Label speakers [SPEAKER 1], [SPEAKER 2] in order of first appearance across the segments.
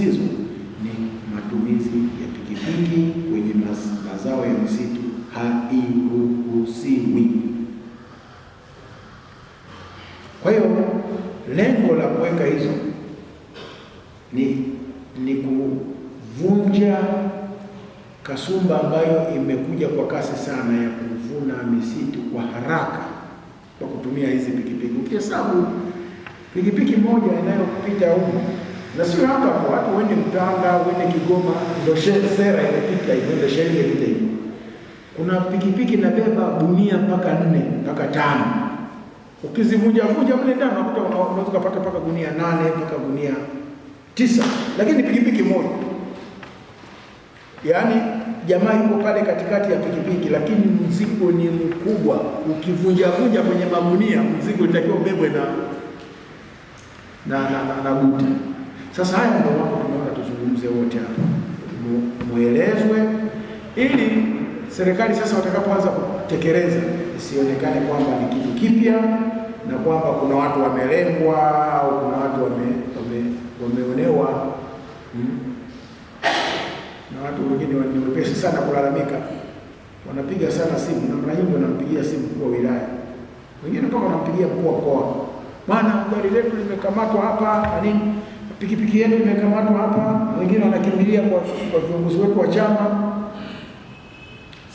[SPEAKER 1] msisitizo ni matumizi ya pikipiki kwenye mazao ya misitu hairuhusiwi. Kwa hiyo lengo la kuweka hizo ni, ni kuvunja kasumba ambayo imekuja kwa kasi sana ya kuvuna misitu kwa haraka kwa kutumia hizi pikipiki. Ukihesabu pikipiki moja inayopita huko na sio hapa kwa watu wende Mtanga, wende Kigoma, ndio sera imepita hivyo, ndio sheria imepita hivyo. Kuna pikipiki inabeba gunia mpaka nne mpaka tano, ukizivunja vunja mle ndani unakuta unaweza kupata mpaka gunia nane mpaka gunia tisa, lakini pikipiki moja. Yaani jamaa yuko pale katikati ya pikipiki, lakini mzigo ni mkubwa. Ukivunja vunja kwenye magunia, mzigo itakiwa ubebwe na na na, na, na na, na, na, na, na sasa haya ndio mambo tumeona tuzungumze wote hapa, muelezwe ili serikali sasa watakapoanza kutekeleza isionekane kwamba ni kitu kipya na kwamba kuna watu wamelengwa au kuna watu wame, wame, wameonewa hmm. Na watu wengine ni sana kulalamika, wanapiga sana simu, na mara nyingi wanampigia simu kwa wilaya, wengine mpaka wanampigia kwa wa mkoa, bwana gari letu limekamatwa hapa na nini pikipiki yetu imekamatwa hapa, wengine wanakimbilia kwa kwa viongozi wetu wa chama.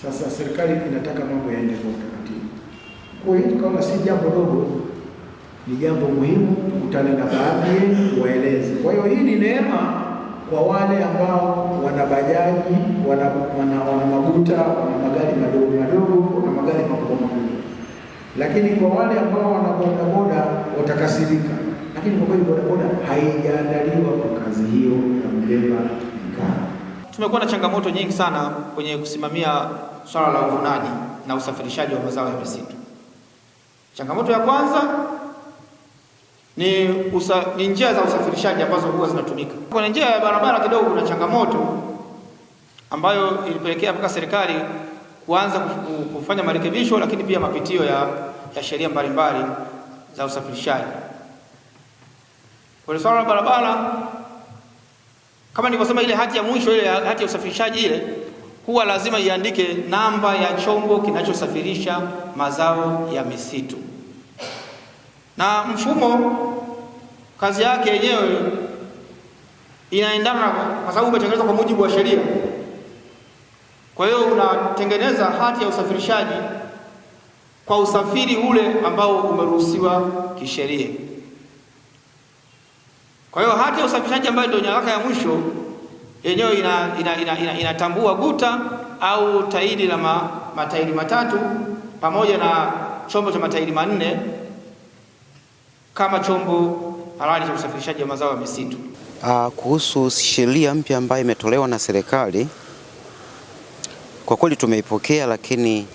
[SPEAKER 1] Sasa serikali inataka mambo yaende kwa utaratibu. Kwa hiyo tukaona si jambo dogo, ni jambo muhimu, tukutane na baadhi waeleze. Kwa hiyo hii ni neema kwa wale ambao wana bajaji, wana wana, wana maguta, wana magari madogo madogo, wana magari makubwa makubwa, lakini kwa wale ambao wana bodaboda watakasirika, lakini kwa kweli bodaboda kuibeba Nkana.
[SPEAKER 2] Tumekuwa na changamoto nyingi sana kwenye kusimamia swala la uvunaji na usafirishaji wa mazao ya misitu. Changamoto ya kwanza ni, usa, ni njia za usafirishaji ambazo huwa zinatumika. kwenye njia ya barabara kidogo, kuna changamoto ambayo ilipelekea mpaka serikali kuanza kufanya marekebisho, lakini pia mapitio ya, ya sheria mbalimbali za usafirishaji kwenye swala la barabara. Kama nilivyosema, ile hati ya mwisho, ile hati ya usafirishaji ile huwa lazima iandike namba ya chombo kinachosafirisha mazao ya misitu, na mfumo kazi yake yenyewe inaendana, kwa sababu umetengenezwa kwa mujibu wa sheria. Kwa hiyo unatengeneza hati ya usafirishaji kwa usafiri ule ambao umeruhusiwa kisheria. Kwa hiyo hati ya usafirishaji ambayo ndio nyaraka ya mwisho yenyewe inatambua ina, ina, ina, ina guta au tairi la ma, matairi matatu pamoja na chombo cha matairi manne kama chombo halali cha usafirishaji wa mazao ya misitu.
[SPEAKER 3] Uh, kuhusu sheria mpya ambayo imetolewa na serikali, kwa kweli tumeipokea, lakini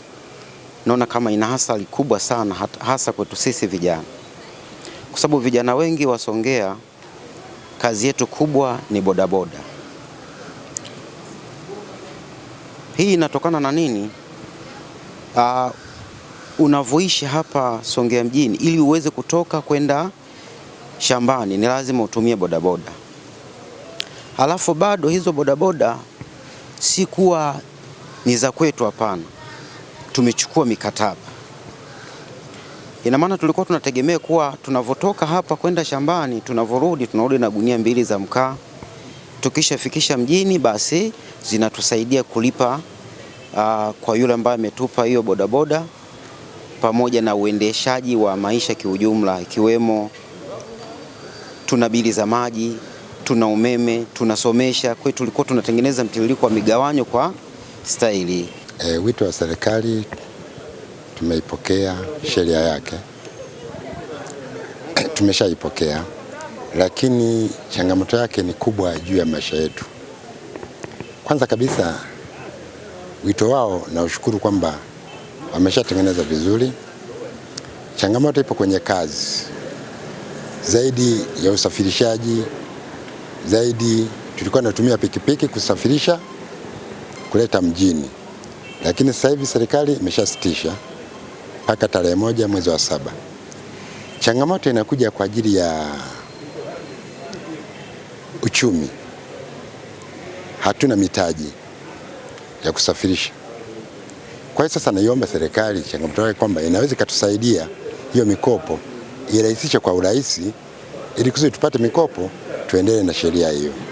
[SPEAKER 3] naona kama ina hasara kubwa sana, hasa kwetu sisi vijana, kwa sababu vijana wengi wasongea kazi yetu kubwa ni bodaboda. Hii inatokana na nini? Uh, ah, unavyoishi hapa Songea mjini, ili uweze kutoka kwenda shambani ni lazima utumie bodaboda. Halafu bado hizo bodaboda si kuwa ni za kwetu, hapana, tumechukua mikataba Ina maana tulikuwa tunategemea kuwa tunavotoka hapa kwenda shambani, tunavorudi tunarudi na gunia mbili za mkaa. Tukishafikisha mjini, basi zinatusaidia kulipa uh, kwa yule ambaye ametupa hiyo bodaboda, pamoja na uendeshaji wa maisha kiujumla, ikiwemo tuna bili za maji, tuna umeme, tunasomesha. Kwa hiyo tulikuwa tunatengeneza mtiririko wa migawanyo kwa staili.
[SPEAKER 4] E, wito wa serikali tumeipokea sheria yake, tumeshaipokea lakini changamoto yake ni kubwa juu ya maisha yetu. Kwanza kabisa, wito wao na ushukuru kwamba wameshatengeneza vizuri. Changamoto ipo kwenye kazi zaidi ya usafirishaji zaidi. Tulikuwa tunatumia pikipiki kusafirisha kuleta mjini, lakini sasa hivi serikali imeshasitisha mpaka tarehe moja mwezi wa saba. Changamoto inakuja kwa ajili ya uchumi. Hatuna mitaji ya kusafirisha. Kwa hiyo sasa naiomba serikali, changamoto yake kwamba inaweza ikatusaidia hiyo mikopo irahisishe kwa urahisi, ili kusudi tupate mikopo tuendelee na sheria hiyo.